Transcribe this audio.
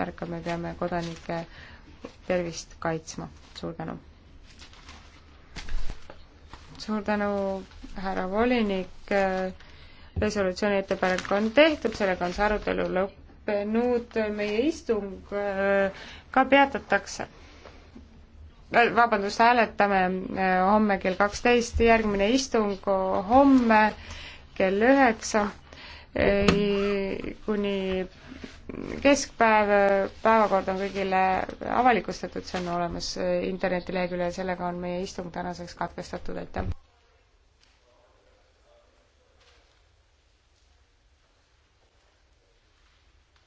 märka, me peame kodanike tervist kaitsma. suur tänu! suur tänu, härra volinik, resolutsiooni ettepanek on tehtud, sellega on see arutelu lõppenud, meie istung äh, ka peatatakse. Äh, vabandust, hääletame äh, homme kell kaksteist, järgmine istung homme kell üheksa kuni keskpäev, päevakord on kõigile avalikustatud, see on olemas internetileheküljel, sellega on meie istung tänaseks katkestatud, aitäh!